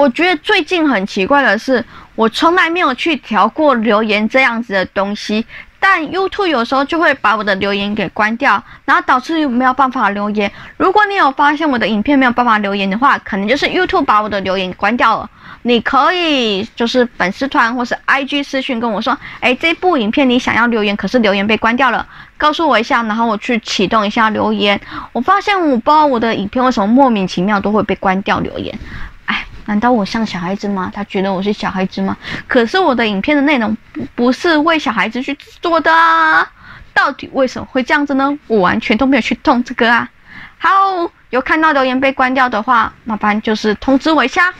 我覺得最近很奇怪的是，我從來沒有去調過留言這樣子的東西，但 YouTube 有時候就會把我的留言給關掉，然後導致沒有辦法留言。如果你有發現我的影片沒有辦法留言的話，可能就是 YouTube 把我的留言關掉了。你可以就是粉絲團或是 IG 私訊跟我說，哎、欸，這部影片你想要留言，可是留言被關掉了，告訴我一下，然後我去啟動一下留言。我發現我不知道我的影片為什麼莫名其妙都會被關掉留言。難道我像小孩子嗎？他覺得我是小孩子嗎？可是我的影片的內容不不是為小孩子去做的啊！到底為什麼會這樣子呢？我完全都沒有去動這個啊！好，有看到留言被關掉的話，麻煩就是通知我一下。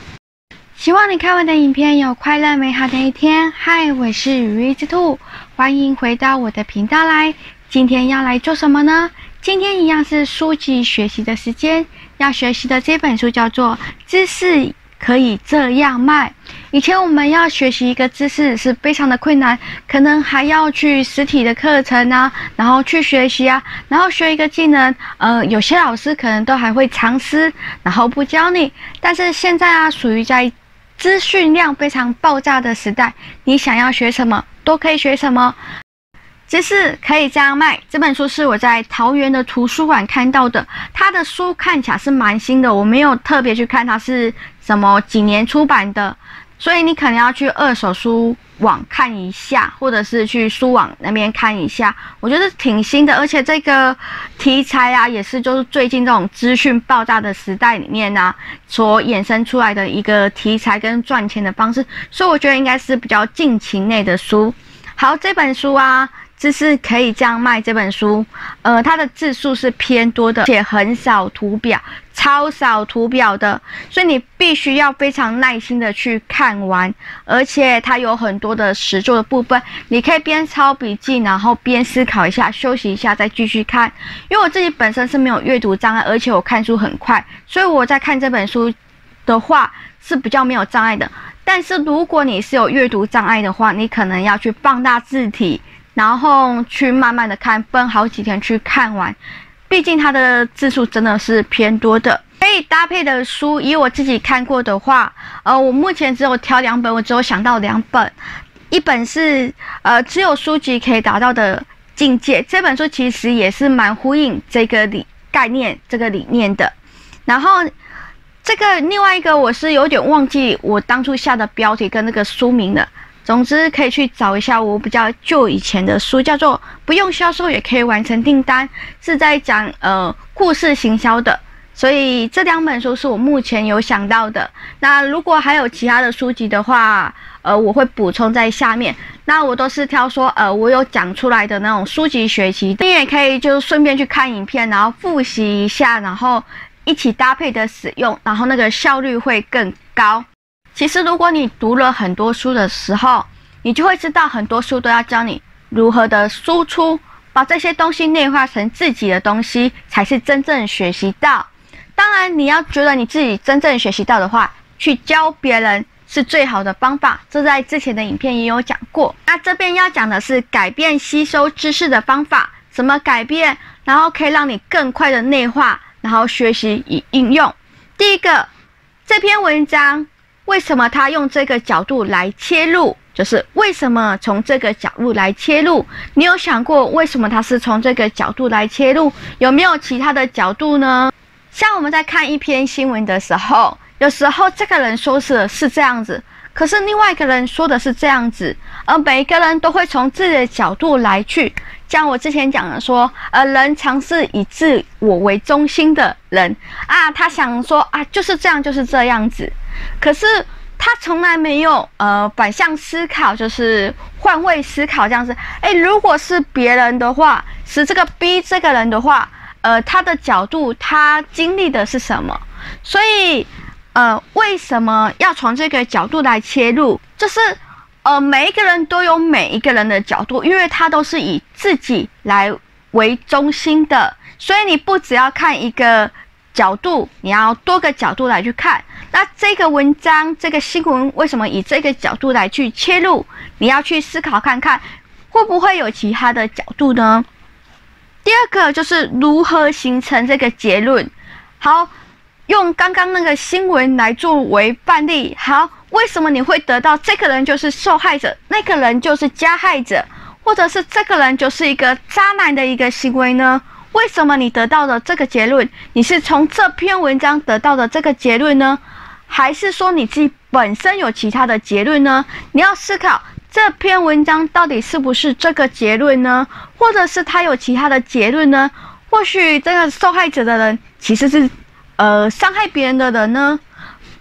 希望你看完的影片有快樂美好的一天。嗨，我是羽翼之兔，歡迎回到我的頻道來。今天要來做什麼呢？今天一樣是書籍學習的時間，要學習的這本書叫做《知識》。可以這樣賣。以前我們要學習一個知識是非常的困難，可能還要去實體的課程啊，然後去學習啊，然後學一個技能。嗯、呃，有些老師可能都還會藏私，然後不教你。但是現在啊，屬於在資訊量非常爆炸的時代，你想要學什麼都可以學什麼。就是可以這樣賣。這本書是我在桃園的圖書館看到的，它的書看起來是蠻新的，我沒有特別去看它是什麼幾年出版的，所以你可能要去二手書網看一下，或者是去書網那邊看一下。我覺得挺新的，而且這個題材啊，也是就是最近這種資訊爆炸的時代裡面呢、啊、所衍生出來的一個題材跟賺錢的方式，所以我覺得應該是比較近期內的書。好，這本書啊。這是可以這樣賣這本書，呃，它的字數是偏多的，而且很少圖表，超少圖表的，所以你必須要非常耐心的去看完。而且它有很多的實作的部分，你可以邊抄筆記，然後邊思考一下，休息一下再繼續看。因為我自己本身是沒有閱讀障礙，而且我看書很快，所以我在看這本書的話是比較沒有障礙的。但是如果你是有閱讀障礙的話，你可能要去放大字體。然後去慢慢的看，分好幾天去看完，畢竟它的字數真的是偏多的。可以搭配的書，以我自己看過的話，呃，我目前只有挑兩本，我只有想到兩本，一本是呃只有書籍可以達到的境界，這本書其實也是蠻呼應這個理概念這個理念的。然後這個另外一個，我是有點忘記我當初下的標題跟那個書名了。總之，可以去找一下我比較舊以前的書，叫做《不用銷售也可以完成訂單》，是在講呃故事行銷的。所以這兩本書是我目前有想到的。那如果還有其他的書籍的話，呃，我會補充在下面。那我都是挑說呃我有講出來的那種書籍學習，你也可以就順便去看影片，然後複習一下，然後一起搭配的使用，然後那個效率會更高。其實，如果你讀了很多書的時候，你就會知道，很多書都要教你如何的輸出，把這些東西內化成自己的東西，才是真正學習到。當然，你要覺得你自己真正學習到的話，去教別人是最好的方法。這在之前的影片也有講過。那這邊要講的是改變吸收知識的方法，怎麼改變，然後可以讓你更快的內化，然後學習與應用。第一個，這篇文章。為什麼他用這個角度來切入？就是為什麼從這個角度來切入？你有想過為什麼他是從這個角度來切入？有沒有其他的角度呢？像我們在看一篇新聞的時候，有時候這個人說是是這樣子，可是另外一個人說的是這樣子，而每一個人都會從自己的角度來去。像我之前講的說，呃，人常是以自我為中心的人啊，他想說啊，就是這樣，就是這樣子。可是他從來沒有呃反向思考，就是換位思考這樣子。哎、欸，如果是別人的話，是這個 B 這個人的話，呃，他的角度，他經歷的是什麼？所以，呃，為什麼要從這個角度來切入？就是呃，每一個人都有每一個人的角度，因為他都是以自己來為中心的。所以你不只要看一個。角度，你要多個角度來去看。那這個文章、這個新聞為什麼以這個角度來去切入？你要去思考看看，會不會有其他的角度呢？第二個就是如何形成這個結論。好，用剛剛那個新聞來作為範例。好，為什麼你會得到這個人就是受害者，那個人就是加害者，或者是這個人就是一個渣男的一個行為呢？為什麼你得到的這個結論，你是從這篇文章得到的這個結論呢？還是說你自己本身有其他的結論呢？你要思考這篇文章到底是不是這個結論呢？或者是他有其他的結論呢？或許這個受害者的人其實是，呃，傷害別人的人呢？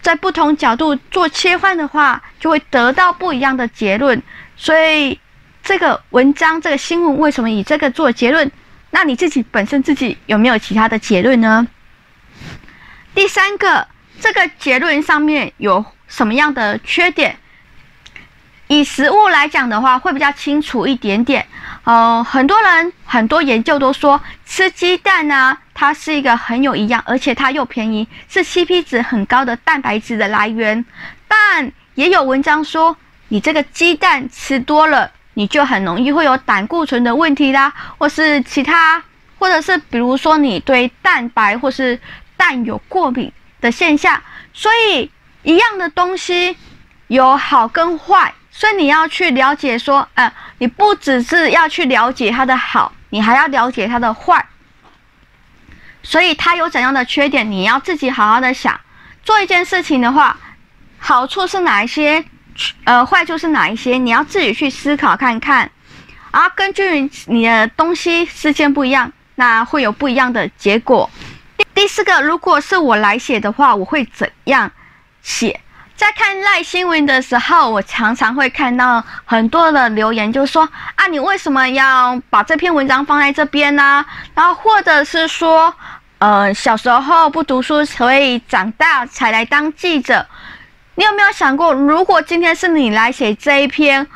在不同角度做切換的話，就會得到不一樣的結論。所以這個文章、這個新聞為什麼以這個做結論？那你自己本身自己有沒有其他的結論呢？第三個，這個結論上面有什麼樣的缺點？以食物來講的話，會比較清楚一點點。呃，很多人很多研究都說，吃雞蛋呢、啊，它是一個很有營養，而且它又便宜，是 CP 值很高的蛋白質的來源。但也有文章說，你這個雞蛋吃多了，你就很容易會有膽固醇的問題啦，或是其他，或者是比如說你對蛋白或是蛋有過敏的現象。所以一樣的東西有好跟壞，所以你要去了解說，嗯、呃，你不只是要去了解它的好，你還要了解它的壞。所以它有怎樣的缺點，你要自己好好的想，做一件事情的話，好處是哪一些？呃，壞處是哪一些？你要自己去思考看看。然、啊、後根據你的東西事件不一樣，那會有不一樣的結果。第四個，如果是我來寫的話，我會怎樣寫？在看 LINE 新聞的時候，我常常會看到很多的留言就，就說啊，你為什麼要把這篇文章放在這邊呢、啊？然後或者是說，呃，小時候不讀書，所以長大才來當記者。你有沒有想過，如果今天是你來寫這一篇，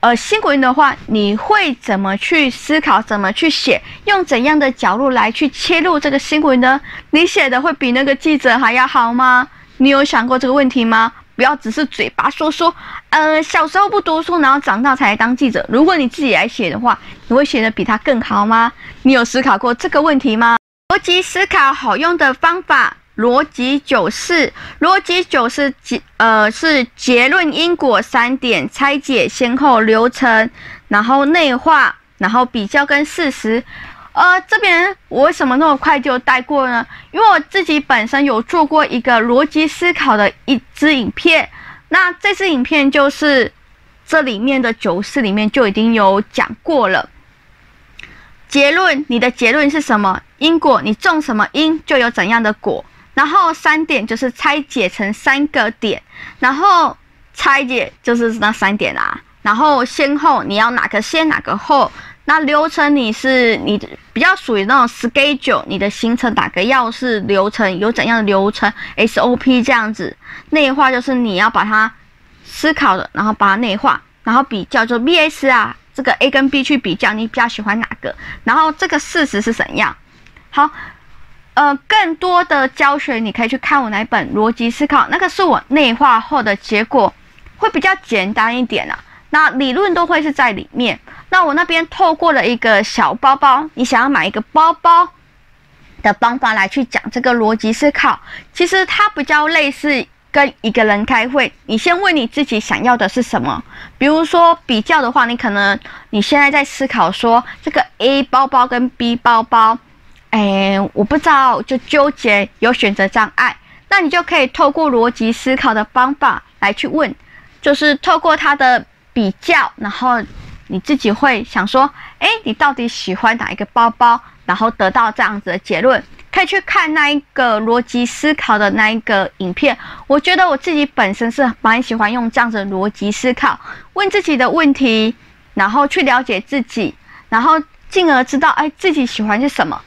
呃，新聞的話，你會怎麼去思考，怎麼去寫，用怎樣的角度來去切入這個新聞呢？你寫的會比那個記者還要好嗎？你有想過這個問題嗎？不要只是嘴巴說說，呃，小時候不讀書，然後長大才來當記者。如果你自己來寫的話，你會寫得比他更好嗎？你有思考過這個問題嗎？邏輯思考好用的方法。邏輯九式，邏輯九式，結呃是結論、因果、三點拆解、先後流程，然後內化，然後比較跟事實。呃，這邊我為什麼那麼快就帶過呢？因為我自己本身有做過一個邏輯思考的一支影片，那這支影片就是這裡面的九式裡面就已經有講過了。結論，你的結論是什麼？因果，你種什麼因就有怎樣的果。然後三點就是拆解成三個點，然後拆解就是那三點啦，啊。然後先後你要哪個先哪個後，那流程你是你比較屬於那種 schedule，你的行程哪個要是流程有怎樣的流程，SOP 這樣子。內化就是你要把它思考了，然後把它內化，然後比較做 V S 啊，這個 A 跟 B 去比較，你比較喜歡哪個？然後這個事實是怎樣？好。呃，更多的教學你可以去看我那本《邏輯思考》，那個是我內化後的結果，會比較簡單一點啊。那理論都會是在裡面。那我那邊透過了一個小包包，你想要買一個包包的方法來去講這個邏輯思考，其實它比較類似跟一個人開會。你先問你自己想要的是什麼，比如說比較的話，你可能你現在在思考說這個 A 包包跟 B 包包。誒，我不知道，就糾結有選擇障礙，那你就可以透過邏輯思考的方法來去問，就是透過他的比較，然後你自己會想說，誒，你到底喜歡哪一個包包，然後得到這樣子的結論，可以去看那一個邏輯思考的那一個影片。我覺得我自己本身是蠻喜歡用這樣子的邏輯思考，問自己的問題，然後去了解自己，然後進而知道，誒，自己喜歡些什麼。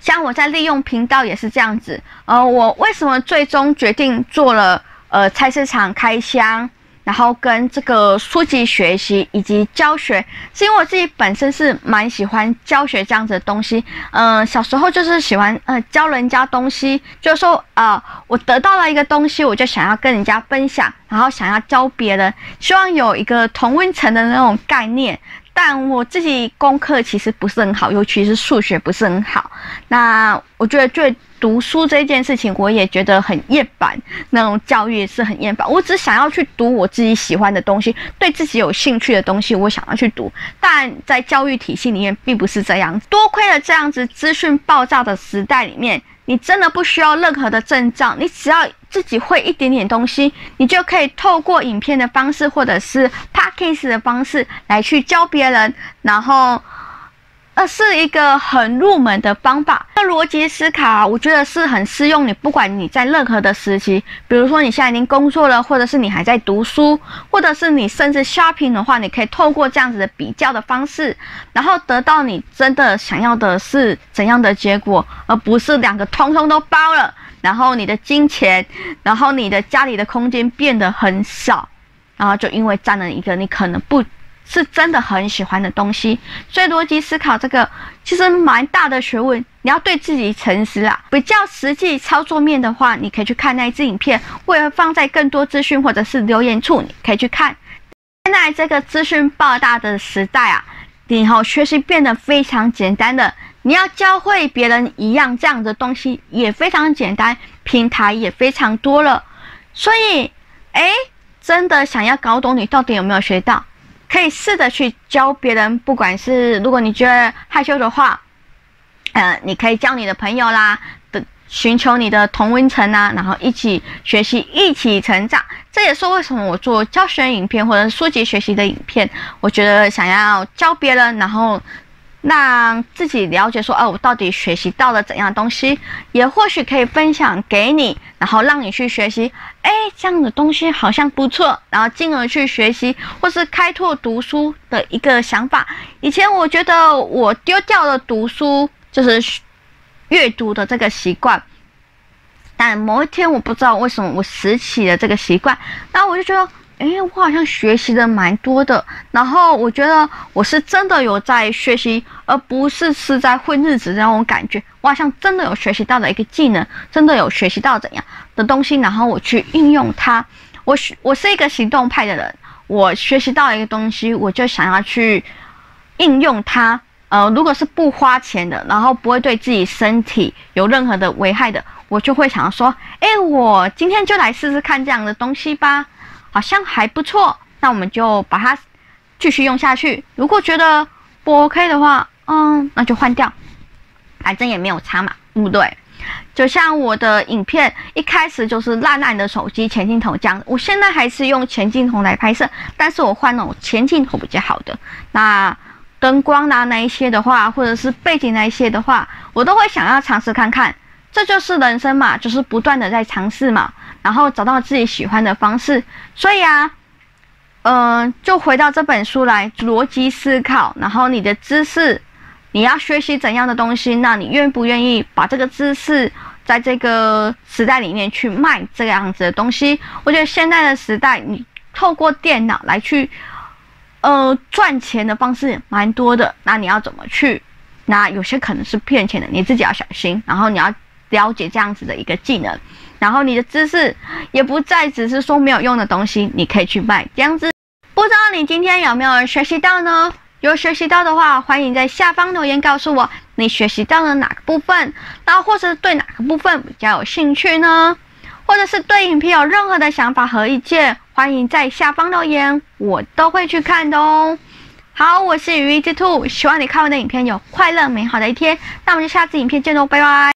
像我在利用頻道也是這樣子，呃，我為什麼最終決定做了呃菜市場開箱，然後跟這個書籍學習以及教學，是因為我自己本身是蠻喜歡教學這樣子的東西，嗯、呃，小時候就是喜歡呃教人家東西，就是說呃我得到了一個東西，我就想要跟人家分享，然後想要教別人，希望有一個同溫層的那種概念。但我自己功課其實不是很好，尤其是數學不是很好。那我覺得最。讀書這件事情，我也覺得很厭煩。那種教育是很厭煩。我只想要去讀我自己喜歡的東西，對自己有興趣的東西，我想要去讀。但在教育體系裡面，並不是這樣子。多虧了這樣子資訊爆炸的時代裡面，你真的不需要任何的證照，你只要自己會一點點東西，你就可以透過影片的方式，或者是 podcast 的方式來去教別人，然後。而是一個很入門的方法。那邏輯思考，啊，我覺得是很適用你，不管你在任何的時期，比如說你現在已經工作了，或者是你還在讀書，或者是你甚至 shopping 的話，你可以透過這樣子的比較的方式，然後得到你真的想要的是怎樣的結果，而不是兩個通通都包了，然後你的金錢，然後你的家裡的空間變得很小，然後就因為占了一個，你可能不。是真的很喜歡的東西，所以邏輯思考這個其實蠻大的學問。你要對自己誠實啦、啊。比較實際操作面的話，你可以去看那一支影片。我也放在更多資訊或者是留言處，你可以去看。現在這個資訊爆炸的時代啊，你後、哦、學習變得非常簡單了。你要教會別人一樣這樣的東西也非常簡單，平台也非常多了。所以，哎、欸，真的想要搞懂你到底有沒有學到？可以試着去教別人，不管是如果你覺得害羞的話，呃，你可以教你的朋友啦，的尋求你的同溫層吶，然後一起學習，一起成長。這也是為什麼我做教學影片或者書籍學習的影片，我覺得想要教別人，然後。讓自己了解說，哦，我到底學習到了怎樣東西，也或許可以分享給你，然後讓你去學習。哎，這樣的東西好像不錯，然後進而去學習，或是開拓讀書的一個想法。以前我覺得我丟掉了讀書，就是閱讀的這個習慣，但某一天我不知道為什麼我拾起了這個習慣，然後我就覺得。誒，我好像學習的蠻多的，然後我覺得我是真的有在學習，而不是是在混日子的那種感覺。我好像真的有學習到的一個技能，真的有學習到怎樣的東西，然後我去應用它。我我是一個行動派的人，我學習到一個東西，我就想要去應用它。呃，如果是不花錢的，然後不會對自己身體有任何的危害的，我就會想要說，誒，我今天就來試試看這樣的東西吧。好像還不錯，那我們就把它繼續用下去。如果覺得不 OK 的話，嗯，那就換掉。反正也沒有差嘛，對不對。就像我的影片一開始就是爛爛的手機前鏡頭這樣，我現在還是用前鏡頭來拍攝，但是我換那種前鏡頭比較好的。那燈光吶、那一些的話，或者是背景那一些的話，我都會想要嘗試看看。這就是人生嘛，就是不斷的在嘗試嘛。然後找到自己喜歡的方式，所以啊，嗯、呃，就回到這本書來邏輯思考。然後你的知識，你要學習怎樣的東西？那你願不願意把這個知識在這個時代裡面去賣這樣子的東西？我覺得現在的時代，你透過電腦來去，呃，賺錢的方式蠻多的。那你要怎麼去？那有些可能是騙錢的，你自己要小心。然後你要了解這樣子的一個技能。然後你的知識也不再只是說沒有用的東西，你可以去賣這樣子。不知道你今天有沒有學習到呢？有學習到的話，歡迎在下方留言告訴我你學習到了哪個部分，然後或者是對哪個部分比較有興趣呢？或者是對影片有任何的想法和意見，歡迎在下方留言，我都會去看的哦。好，我是羽翼之兔，希望你看完的影片有快樂美好的一天。那我們就下次影片見嘍，拜拜。